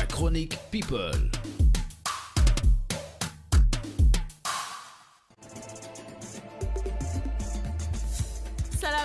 la chronique People.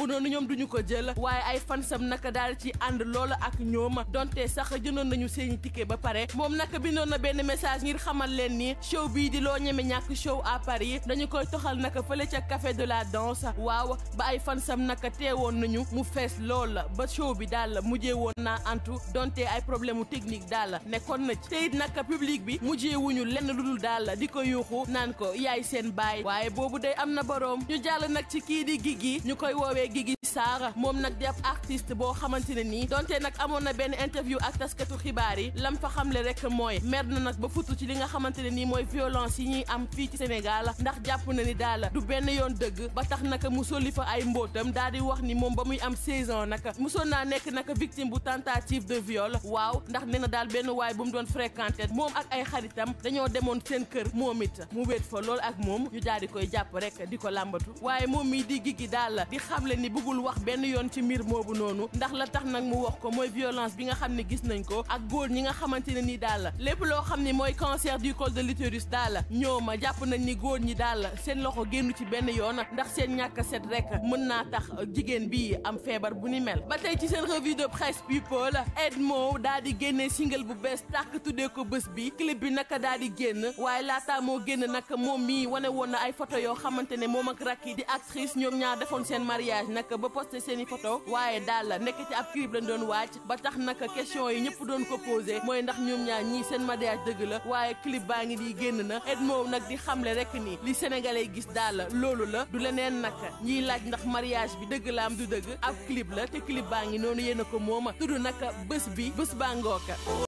boobu noonu ñoom duñu ko jël waaye ay fansam naka daal ci ànd lool ak ñoom donte sax jëndoon nañu seeni ticket ba pare moom naka bindoon na benn message ngir xamal leen ni show bii di loo ñeme ñàkk show à Paris dañu koy toxal naka fële ca café de la danse waaw ba ay fansam naka teewoon nañu mu fees lool la ba show bi daal mujjee woon naa antu donte ay problème mu technique daal nekkoon na ci te it naka public bi mujjee lenn lu dul daal di ko yuuxu naan ko yaay seen baay waaye Guigui Sarr moom nag di ab boo xamante ne nii donte nag amoon na benn interview ak taskatu xibaar yi lam fa xamle rek mooy mer na nag ba futu ci li nga xamante ne nii mooy violence yi ñuy am fii ci Sénégal ndax jàpp na ni daal du benn yoon dëgg ba tax naka mu li fa ay mbootam daal di wax ni moom ba muy am 16 ans nag mosoon naa nekk nag victime bu tentative de viol waaw ndax nee na daal benn waay bu mu doon fréquenté moom ak ay xaritam dañoo demoon seen kër moom it mu wéet fa lool ak moom ñu di koy jàpp rek di ko làmbatu ni bëggul wax benn yoon ci mbir moobu noonu ndax la tax nag mu wax ko mooy violence bi nga xam ne gis nañ ko ak góor ñi nga xamante ne ni daal lépp loo xam ne mooy cancer du col de l'utérus daal ma jàpp nañ ni góor ñi daal seen loxo génn ci benn yoon ndax seen ñàkk a set rek mën naa tax jigéen bi am feebar bu ni mel ba tey ci seen revue de presse people Edmo daal di génne single bu bees tàkk tuddee ko bés bi clip bi naka daal di génn waaye laataa moo génn nag moom mii wane woon na ay photo yoo xamante ne moom ak rakki di actrice ñoom ñaar defoon seen mariage nag ba posté seeni photo waaye daal la nekk ci ab clip lañ doon waaj ba tax naka question yi ñëpp doon ko posé mooy ndax ñoom ñaar ñii seen mariage dëgg la waaye clip baa ngi di génn na Edmo nag di xamle rek ni li sénégalais gis daal loolu la du leneen nag ñiy laaj ndax mariage bi dëgg laam du dëgg ab clip la te clip baa ngi noonu yéen a ko mooma tudd nag bés bi bës baa ngooka